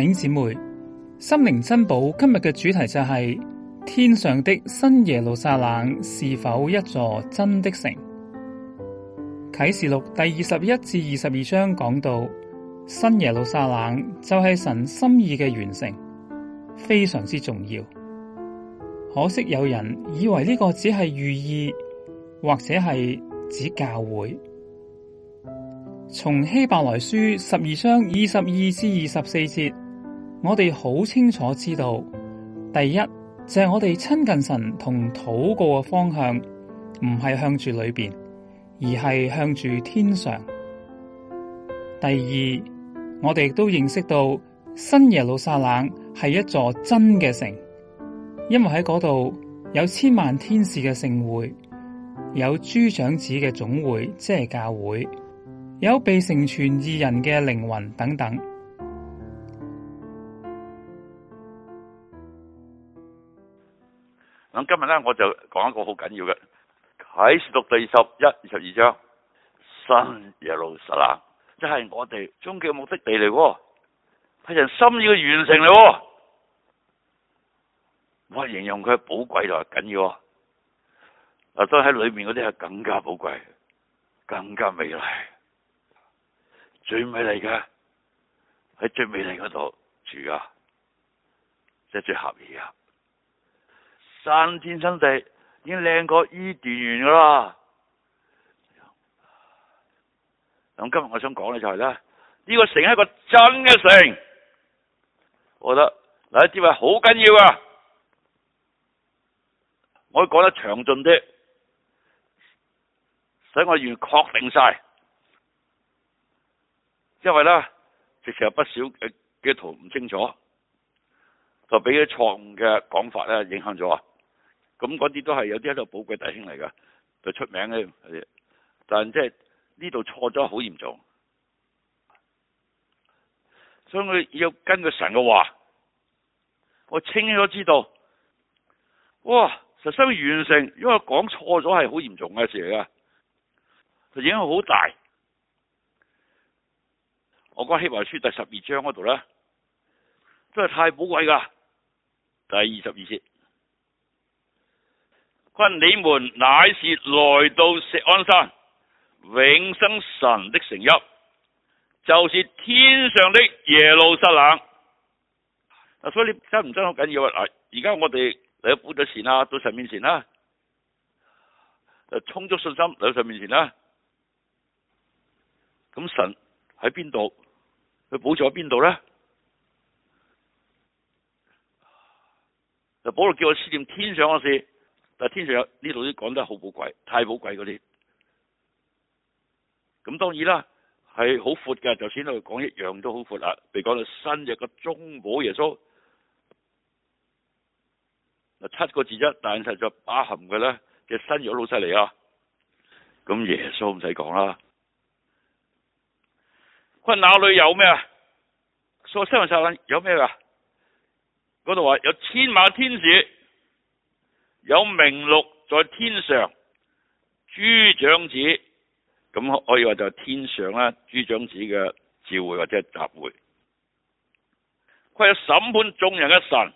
影姊妹，心靈珍寶，今日嘅主題就係、是、天上的新耶路撒冷是否一座真的城？啟示錄第二十一至二十二章講到新耶路撒冷就係神心意嘅完成，非常之重要。可惜有人以為呢個只係寓意，或者係指教會。從希伯來書十二章二十二至二十四節。我哋好清楚知道，第一就係我哋親近神同禱告嘅方向，唔係向住裏邊，而係向住天上。第二，我哋都認識到新耶路撒冷係一座真嘅城，因為喺嗰度有千萬天使嘅盛會，有諸長子嘅總會，即係教會，有被成全義人嘅靈魂等等。咁今日咧，我就講一個好緊要嘅，喺讀第十一、二十二章，新耶路撒冷，即、就、係、是、我哋終極嘅目的地嚟喎、哦，係人心意嘅完成嚟喎、哦，我形容佢寶貴就係緊要，啊，所以喺裏面嗰啲係更加寶貴，更加美麗，最美麗嘅喺最美麗嗰度住噶、啊，即、就、係、是、最合意啊！新天新地已經靚過伊甸園噶啦，咁今日我想講嘅就係咧，呢個城係一個真嘅城，我覺得嗱呢啲位好緊要啊，我要講得詳盡啲，使我完全確定晒，因為咧，其實有不少嘅嘅圖唔清楚，就俾佢錯誤嘅講法咧，影響咗啊。咁嗰啲都係有啲一個，寶貴弟兄嚟噶，就出名嘅，但即係呢度錯咗好嚴重，所以佢要根據神嘅話，我清楚知道，哇！實心完成，因為我講錯咗係好嚴重嘅事嚟噶，就影響好大。我覺得希伯來書第十二章嗰度咧，真係太寶貴噶，第二十二節。分你們乃是來到錫安山，永生神的城邑，就是天上的耶路撒冷。嗱、啊，所以你真唔真好緊要啊！嗱、啊，而家我哋嚟到寶座前啦，到神面前啦、啊，誒，充足信心嚟到神面前啦、啊。咁神喺邊度？佢寶座喺邊度咧？就保羅叫我思念天上嘅事。但天上有呢度都講得好寶貴，太寶貴嗰啲，咁當然啦，係好闊嘅。就算佢講一樣都好闊啦，譬如講到新約嘅中保耶穌，嗱七個字一但係就包含嘅咧嘅新約好犀利啊。咁耶穌唔使講啦，佢話哪裏有咩？錫安山有咩噶？嗰度話有千萬天使。有名錄在天上，諸長子咁可以話就係天上啦，諸長子嘅召會或者集會，佢係審判眾人嘅神，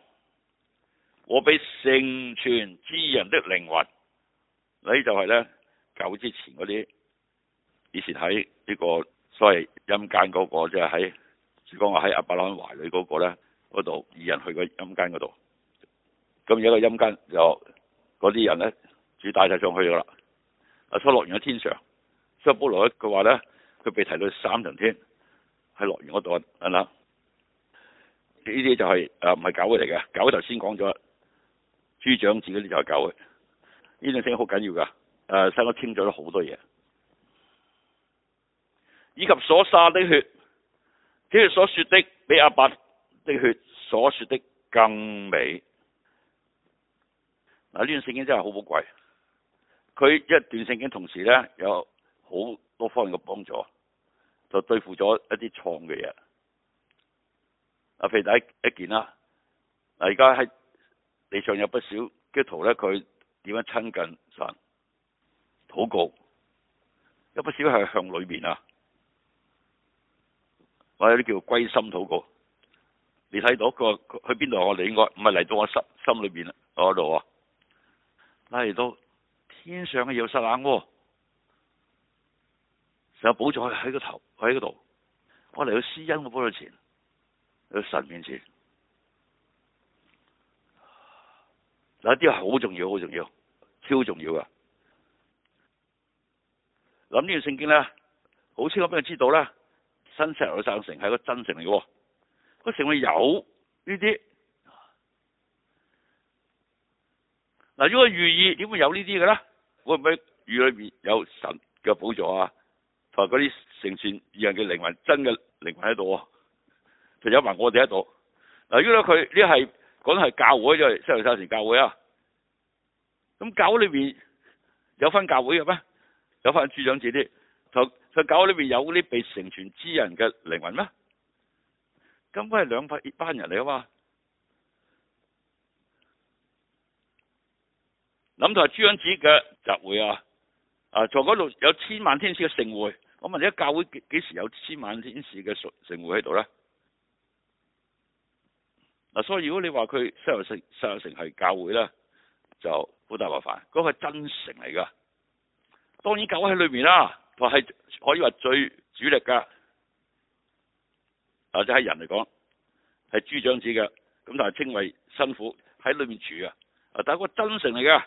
我俾成全諸人的靈魂，就呢就係咧久之前嗰啲，以前喺呢個所謂陰間嗰個，即係喺如果我喺亞伯蘭懷裏嗰個咧嗰度，二人去間個陰間嗰度，咁有個個陰間就。嗰啲人咧，主帶曬上去噶啦。阿初樂園喺天上，所以保羅佢話咧，佢被提到三層天，喺樂園嗰度。等等、就是，呢啲就係唔係狗嚟嘅，狗頭先講咗。諸長子嗰啲就係狗。呢兩聲好緊要噶，誒使我清咗好多嘢，以及所灑的血，即係所説的，比亞伯的血所説的更美。嗱，呢段聖經真係好寶貴。佢一段聖經，同時咧有好多方面嘅幫助，就對付咗一啲錯嘅嘢。嗱，譬如第一件啦，嗱，而家喺地上有不少嘅圖咧，佢點樣親近神、禱告，有不少係向裏面啊，或者啲叫做歸心禱告。你睇到佢去邊度？我哋應該唔係嚟到我心心裏邊啦，嗰度啊。嚟到天上嘅耶路撒冷鍋，成個寶座喺個頭喺嗰度。我嚟到施恩嘅寶座前，喺神面前，嗱，啲好重要，好重要，超重要噶。諗呢段聖經咧，好清楚俾人知道咧，新耶路撒冷嘅聖城係個真城嚟嘅，佢成為有呢啲。這些嗱，如果寓意點會有呢啲嘅咧？會唔會預裏面有神嘅寶座啊？同埋嗰啲成全義人嘅靈魂真嘅靈魂喺度啊。仲有埋我哋喺度。嗱，如果佢呢係講係教會，即係新耶路撒冷教會啊，咁教裏面有分教會嘅咩？有分諸長子啲，同佢教裏面有啲被成全之人嘅靈魂咩？根本係兩一班人嚟啊嘛！咁同係諸長子嘅集會啊！啊，在嗰度有千萬天使嘅盛會，我問你：教會幾幾時有千萬天使嘅盛會喺度咧？嗱、啊，所以如果你話佢西游城西游城係教會啦，就好大麻煩。嗰、那、係、個、真城嚟噶，當然教會喺裏面啦、啊，佢係可以話最主力噶，或者喺人嚟講，係諸長子嘅，咁但係稱為辛苦喺裏面住啊！啊，但係個真城嚟噶。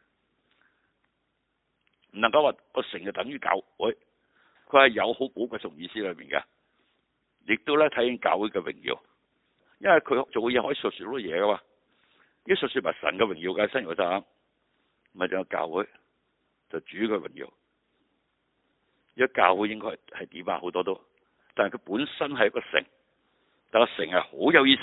唔能夠話個城就等於教會，佢佢係有好寶貴從意思裏邊嘅，亦都咧睇緊教會嘅榮耀，因為佢做嘢可以述說好多嘢噶嘛，啲述說埋神嘅榮耀嘅新約就啱，唔係仲有教會就主嘅榮耀，而家教會應該係係點啊？好多都，但係佢本身係一個城，但個城係好有意思。